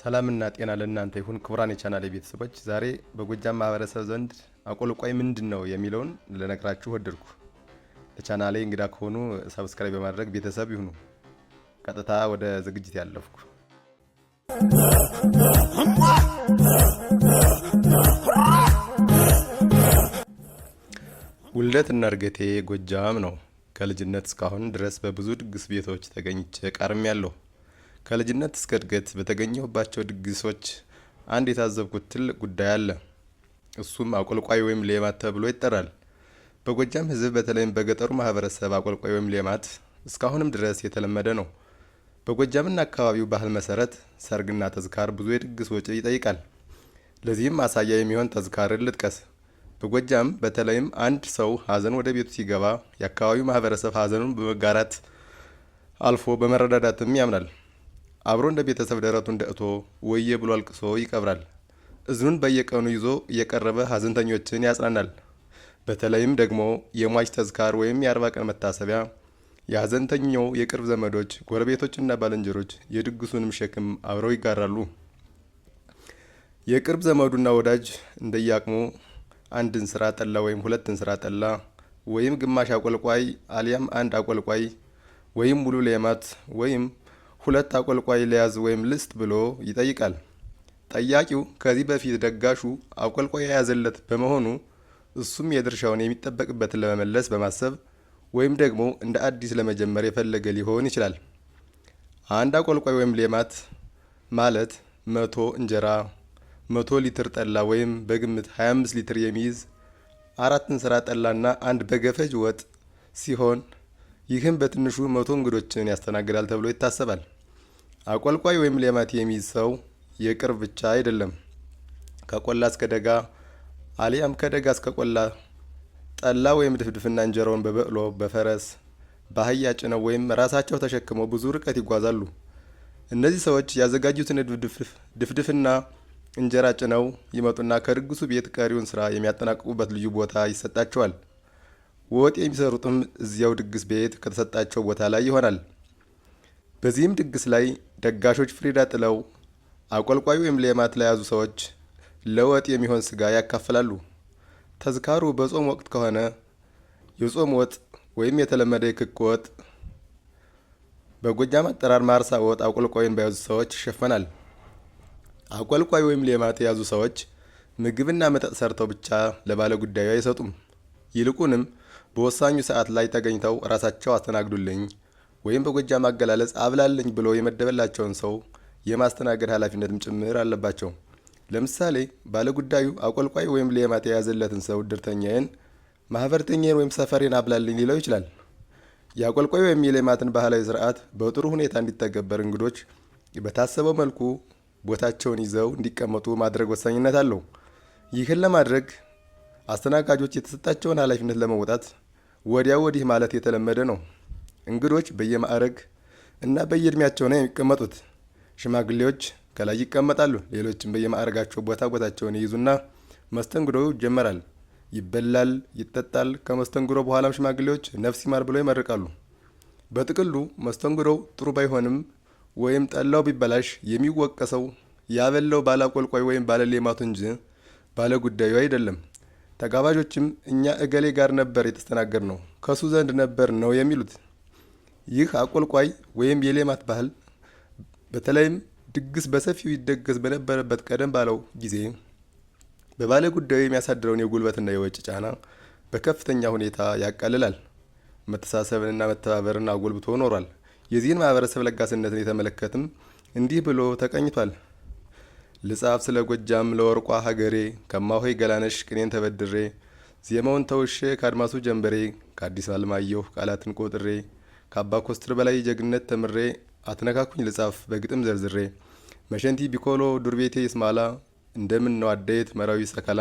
ሰላምና ጤና ለእናንተ ይሁን ክቡራን የቻናል ቤተሰቦች፣ ዛሬ በጎጃም ማህበረሰብ ዘንድ አቆልቋይ ምንድን ነው የሚለውን ልነግራችሁ ወደድኩ። ለቻናሌ እንግዳ ከሆኑ ሰብስክራይብ በማድረግ ቤተሰብ ይሁኑ። ቀጥታ ወደ ዝግጅት ያለፍኩ። እና እርገቴ ጎጃም ነው። ከልጅነት እስካሁን ድረስ በብዙ ድግስ ቤቶች ተገኝቼ ያለው። ከልጅነት እስከ እድገት በተገኘሁባቸው ድግሶች አንድ የታዘብኩት ትልቅ ጉዳይ አለ። እሱም አቆልቋይ ወይም ሌማት ተብሎ ይጠራል። በጎጃም ሕዝብ በተለይም በገጠሩ ማህበረሰብ አቆልቋይ ወይም ሌማት እስካሁንም ድረስ የተለመደ ነው። በጎጃምና አካባቢው ባህል መሰረት ሰርግና ተዝካር ብዙ የድግስ ወጪ ይጠይቃል። ለዚህም ማሳያ የሚሆን ተዝካርን ልጥቀስ። በጎጃም በተለይም አንድ ሰው ሀዘን ወደ ቤቱ ሲገባ የአካባቢው ማህበረሰብ ሀዘኑን በመጋራት አልፎ በመረዳዳትም ያምናል። አብሮ እንደ ቤተሰብ ደረቱ እንደ እቶ ወየ ብሎ አልቅሶ ይቀብራል። እዝኑን በየቀኑ ይዞ እየቀረበ ሀዘንተኞችን ያጽናናል። በተለይም ደግሞ የሟች ተዝካር ወይም የአርባ ቀን መታሰቢያ የሀዘንተኛው የቅርብ ዘመዶች፣ ጎረቤቶችና ባልንጀሮች የድግሱንም ሸክም አብረው ይጋራሉ። የቅርብ ዘመዱና ወዳጅ እንደየአቅሙ አንድ እንስራ ጠላ ወይም ሁለት እንስራ ጠላ ወይም ግማሽ አቆልቋይ አሊያም አንድ አቆልቋይ ወይም ሙሉ ሌማት ወይም ሁለት አቆልቋይ ሊያዝ ወይም ልስጥ ብሎ ይጠይቃል። ጠያቂው ከዚህ በፊት ደጋሹ አቆልቋይ የያዘለት በመሆኑ እሱም የድርሻውን የሚጠበቅበትን ለመመለስ በማሰብ ወይም ደግሞ እንደ አዲስ ለመጀመር የፈለገ ሊሆን ይችላል። አንድ አቆልቋይ ወይም ሌማት ማለት መቶ እንጀራ፣ መቶ ሊትር ጠላ ወይም በግምት 25 ሊትር የሚይዝ አራት እንስራ ጠላና አንድ በገፈጅ ወጥ ሲሆን ይህም በትንሹ መቶ እንግዶችን ያስተናግዳል ተብሎ ይታሰባል። አቆልቋይ ወይም ሌማት የሚይዝ ሰው የቅርብ ብቻ አይደለም። ከቆላ እስከ ደጋ አሊያም ከደጋ እስከ ቆላ ጠላ ወይም ድፍድፍና እንጀራውን በበቅሎ በፈረስ በአህያ ጭነው ወይም ራሳቸው ተሸክመው ብዙ ርቀት ይጓዛሉ። እነዚህ ሰዎች ያዘጋጁትን ድፍድፍና እንጀራ ጭነው ይመጡና ከድግሱ ቤት ቀሪውን ስራ የሚያጠናቅቁበት ልዩ ቦታ ይሰጣቸዋል። ወጥ የሚሰሩትም እዚያው ድግስ ቤት ከተሰጣቸው ቦታ ላይ ይሆናል። በዚህም ድግስ ላይ ደጋሾች ፍሪዳ ጥለው አቆልቋዩ ወይም ሌማት ለያዙ ሰዎች ለወጥ የሚሆን ስጋ ያካፍላሉ። ተዝካሩ በጾም ወቅት ከሆነ የጾም ወጥ ወይም የተለመደ የክክ ወጥ በጎጃም አጠራር ማርሳ ወጥ አቆልቋይን በያዙ ሰዎች ይሸፈናል። አቆልቋይ ወይም ሌማት የያዙ ሰዎች ምግብና መጠጥ ሰርተው ብቻ ለባለ ጉዳዩ አይሰጡም። ይልቁንም በወሳኙ ሰዓት ላይ ተገኝተው ራሳቸው አስተናግዱልኝ ወይም በጎጃም አገላለጽ አብላልኝ ብሎ የመደበላቸውን ሰው የማስተናገድ ኃላፊነትም ጭምር አለባቸው። ለምሳሌ ባለጉዳዩ አቆልቋይ ወይም ሌማት የያዘለትን ሰው እድርተኛዬን፣ ማህበርተኛዬን ወይም ሰፈሬን አብላልኝ ሊለው ይችላል። የአቆልቋይ ወይም የሌማትን ባህላዊ ስርዓት በጥሩ ሁኔታ እንዲተገበር እንግዶች በታሰበው መልኩ ቦታቸውን ይዘው እንዲቀመጡ ማድረግ ወሳኝነት አለው። ይህን ለማድረግ አስተናጋጆች የተሰጣቸውን ኃላፊነት ለመወጣት ወዲያ ወዲህ ማለት የተለመደ ነው። እንግዶች በየማዕረግ እና በየእድሜያቸው ነው የሚቀመጡት። ሽማግሌዎች ከላይ ይቀመጣሉ፣ ሌሎችም በየማዕረጋቸው ቦታ ቦታቸውን ይይዙና መስተንግዶው ይጀመራል። ይበላል፣ ይጠጣል። ከመስተንግዶ በኋላም ሽማግሌዎች ነፍስ ይማር ብለው ይመርቃሉ። በጥቅሉ መስተንግዶው ጥሩ ባይሆንም ወይም ጠላው ቢበላሽ የሚወቀሰው ያበላው ባለ አቆልቋይ ወይም ባለ ሌማቱ እንጂ ባለ ጉዳዩ አይደለም። ተጋባዦችም እኛ እገሌ ጋር ነበር የተስተናገድ ነው ከሱ ዘንድ ነበር ነው የሚሉት። ይህ አቆልቋይ ወይም የሌማት ባህል በተለይም ድግስ በሰፊው ይደገስ በነበረበት ቀደም ባለው ጊዜ በባለ ጉዳዩ የሚያሳድረውን የጉልበትና የወጪ ጫና በከፍተኛ ሁኔታ ያቃልላል። መተሳሰብንና መተባበርን አጎልብቶ ኖሯል። የዚህን ማህበረሰብ ለጋስነትን የተመለከትም እንዲህ ብሎ ተቀኝቷል። ልጻፍ ስለ ጎጃም ለወርቋ ሀገሬ ከማሆይ ገላነሽ ቅኔን ተበድሬ ዜማውን ተውሼ ከአድማሱ ጀንበሬ ከአዲስ አለማየሁ ቃላትን ቆጥሬ ከአባ ኮስትር በላይ ጀግነት ተምሬ አትነካኩኝ ልጻፍ በግጥም ዘርዝሬ መሸንቲ ቢኮሎ ዱርቤቴ ይስማላ እንደምን ነው አደየት መራዊ ሰከላ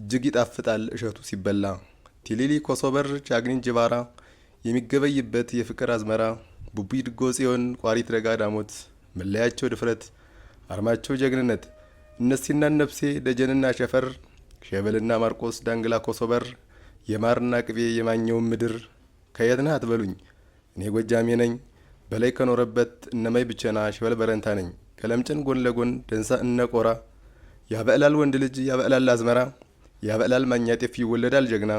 እጅግ ይጣፍጣል እሸቱ ሲበላ ቲሊሊ ኮሶበር ቻግኒን ጅባራ የሚገበይበት የፍቅር አዝመራ ቡቢ ድጎ ጽዮን ቋሪት ረጋ ዳሞት መለያቸው ድፍረት አርማቸው ጀግንነት እነሲናን ነፍሴ ደጀንና ሸፈር ሸበልና ማርቆስ ዳንግላ ኮሶበር የማርና ቅቤ የማኘውን ምድር ከየት ነህ አትበሉኝ እኔ ጎጃሜ ነኝ በላይ ከኖረበት እነማይ ብቸና ሸበል በረንታ ነኝ ከለምጭን ጎን ለጎን ደንሳ እነቆራ ያበዕላል ወንድ ልጅ ያበዕላል አዝመራ ያበዕላል ማኛ ጤፍ ይወለዳል ጀግና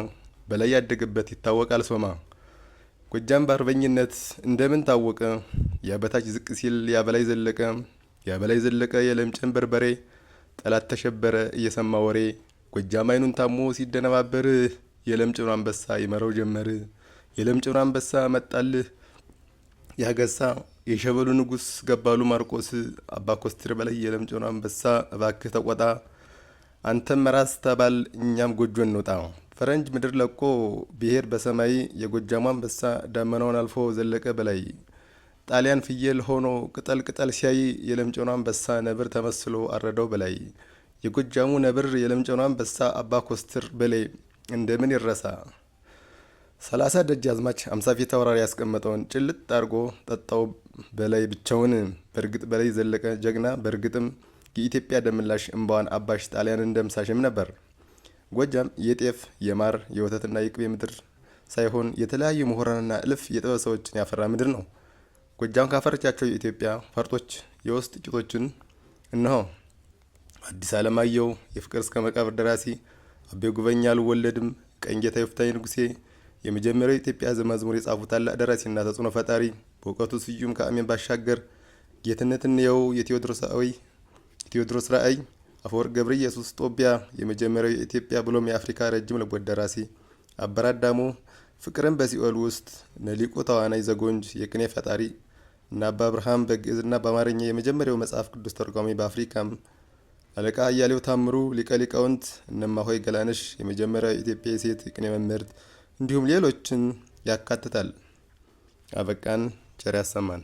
በላይ ያደገበት ይታወቃል ሶማ ጎጃም በአርበኝነት እንደምን ታወቀ ያበታች ዝቅ ሲል ያበላይ ዘለቀ የበላይ ዘለቀ የለምጨን በርበሬ ጠላት ተሸበረ እየሰማ ወሬ ጎጃም አይኑን ታሞ ሲደነባበር የለምጭኑ አንበሳ ይመረው ጀመር። የለምጭኑ አንበሳ መጣልህ ያገሳ የሸበሉ ንጉስ ገባሉ ማርቆስ አባ ኮስትር በላይ የለምጭኑ አንበሳ እባክህ ተቆጣ፣ አንተም ራስ ተባል እኛም ጎጆ እንውጣ። ፈረንጅ ምድር ለቆ ብሄር በሰማይ የጎጃሙ አንበሳ ዳመናውን አልፎ ዘለቀ በላይ ጣሊያን ፍየል ሆኖ ቅጠል ቅጠል ሲያይ የለምጨኑ አንበሳ ነብር ተመስሎ አረደው በላይ የጎጃሙ ነብር የለምጨኑ አንበሳ አባ ኮስትር በሌ እንደምን ይረሳ። ሰላሳ አዝማች አምሳ ፊት አውራሪ ያስቀመጠውን ጭልጥ አድርጎ ጠጣው በላይ ብቻውን። በእርግጥ በላይ ዘለቀ ጀግና በእርግጥም የኢትዮጵያ ደምላሽ እምባዋን አባሽ ጣሊያን እንደምሳሽም ነበር። ጎጃም የጤፍ የማር የወተትና የቅቤ ምድር ሳይሆን የተለያዩ ምሁራንና እልፍ የጥበብ ሰዎችን ያፈራ ምድር ነው። ጎጃም ካፈረቻቸው የኢትዮጵያ ፈርጦች የውስጥ ጥቂቶቹን እነሆ አዲስ አለማየሁ፣ የፍቅር እስከ መቃብር ደራሲ፣ አቤ ጉበኛ አልወለድም፣ ቀኝጌታ ይፍታይ ንጉሴ የመጀመሪያው የኢትዮጵያ ሕዝብ መዝሙር የጻፉ ታላቅ ደራሲና ተጽዕኖ ፈጣሪ፣ በእውቀቱ ስዩም ከአሜን ባሻገር ጌትነት እንየው፣ የቴዎድሮስ ራእይ፣ አፈወርቅ ገብረ ኢየሱስ ጦቢያ የመጀመሪያው የኢትዮጵያ ብሎም የአፍሪካ ረጅም ልቦለድ ደራሲ፣ አበራዳሙ ፍቅርን በሲኦል ውስጥ፣ ነሊቁ ተዋናይ ዘጎንጅ የቅኔ ፈጣሪ እና አባ አብርሃም በግዕዝና በአማርኛ የመጀመሪያው መጽሐፍ ቅዱስ ተርጓሚ በአፍሪካም አለቃ አያሌው ታምሩ ሊቀ ሊቃውንት፣ እነማሆይ ገላንሽ የመጀመሪያው የኢትዮጵያ የሴት ቅኔ መምህርት እንዲሁም ሌሎችን ያካትታል። አበቃን። ቸር ያሰማን።